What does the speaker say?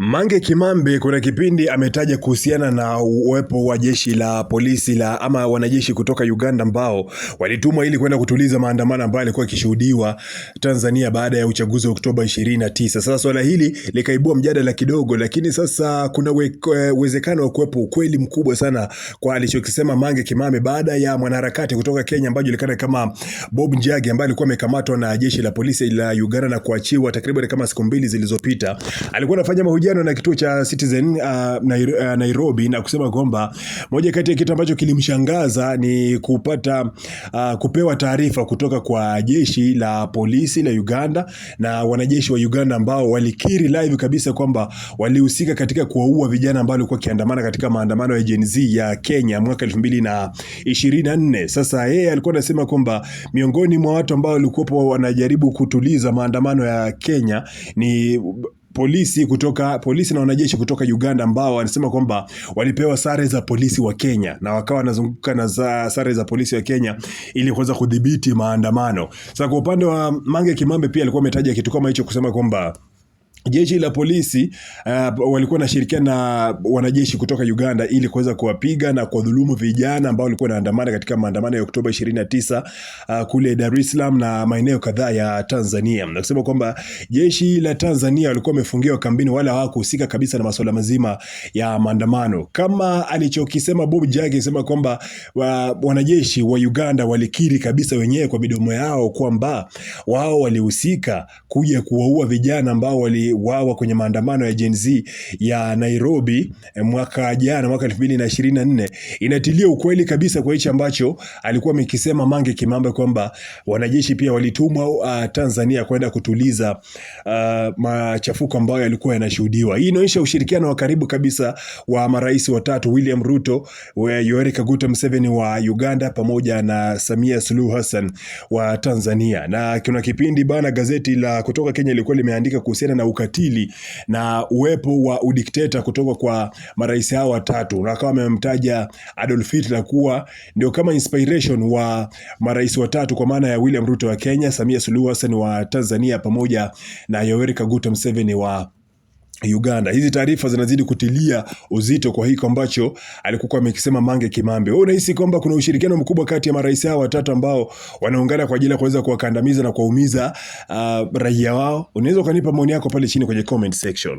Mange Kimambi kuna kipindi ametaja kuhusiana na uwepo wa jeshi la polisi la ama wanajeshi kutoka Uganda ambao walitumwa ili kwenda kutuliza maandamano ambayo yalikuwa yakishuhudiwa Tanzania baada ya uchaguzi wa Oktoba 29. Sasa swala hili likaibua mjadala kidogo, lakini sasa kuna eh, uwezekano wa kuwepo ukweli mkubwa sana kwa alichokisema Mange Kimambi baada ya mwanaharakati kutoka Kenya ambaye julikana kama Bob Njagi ambaye alikuwa amekamatwa na jeshi la polisi la Uganda na kuachiwa takriban kama siku mbili zilizopita. Alikuwa anafanya mahojiano mahojiano na kituo cha Citizen uh, uh, Nairobi na kusema kwamba moja kati ya kitu ambacho kilimshangaza ni kupata uh, kupewa taarifa kutoka kwa jeshi la polisi la Uganda na wanajeshi wa Uganda ambao walikiri live kabisa kwamba walihusika katika kuwaua vijana ambao walikuwa wakiandamana katika maandamano ya Gen Z ya Kenya mwaka 2024. Sasa yeye alikuwa anasema kwamba miongoni mwa watu ambao walikuwa wanajaribu kutuliza maandamano ya Kenya ni polisi kutoka polisi na wanajeshi kutoka Uganda ambao wanasema kwamba walipewa sare za polisi wa Kenya na wakawa wanazunguka na za sare za polisi wa Kenya ili kuweza kudhibiti maandamano. Sasa kwa upande wa Mange Kimambe pia alikuwa ametaja kitu kama hicho kusema kwamba Jeshi la polisi uh, walikuwa wanashirikiana na wanajeshi kutoka Uganda ili kuweza kuwapiga na kuwadhulumu vijana ambao walikuwa wanaandamana katika maandamano ya Oktoba 29 uh, kule Dar es Salaam na maeneo kadhaa ya Tanzania, na kusema kwamba jeshi la Tanzania walikuwa wamefungiwa kambini, wala hawakuhusika kabisa na masuala mazima ya maandamano, kama alichokisema Bob Jage, sema kwamba wa, wanajeshi wa Uganda walikiri kabisa wenyewe kwa midomo yao kwamba wao walihusika kuja kuwaua vijana ambao wali waliwawa kwenye maandamano ya Gen Z ya Nairobi eh, mwaka jana, mwaka 2024 inatilia ukweli kabisa kwa hichi ambacho alikuwa amekisema Mange Kimambe kwamba wanajeshi pia walitumwa uh, Tanzania kwenda kutuliza uh, machafuko ambayo yalikuwa yanashuhudiwa. Hii inaonyesha ushirikiano wa karibu kabisa wa marais watatu William Ruto, Yoweri Kaguta Museveni wa Uganda pamoja na Samia Suluhu Hassan wa Tanzania. Na kuna kipindi bana, gazeti la kutoka Kenya lilikuwa limeandika kuhusiana na ukatili na uwepo wa udikteta kutoka kwa marais hao watatu, na kama amemtaja Adolf Hitler kuwa ndio kama inspiration wa marais watatu, kwa maana ya William Ruto wa Kenya, Samia Suluhu Hassan wa Tanzania, pamoja na Yoweri Kaguta Museveni wa Uganda. Hizi taarifa zinazidi kutilia uzito kwa hiko ambacho alikuwa amekisema Mange Kimambe. Wewe unahisi kwamba kuna ushirikiano mkubwa kati ya marais hao watatu ambao wanaungana kwa ajili ya kuweza kuwakandamiza na kuwaumiza uh, raia wao? Unaweza ukanipa maoni yako pale chini kwenye comment section.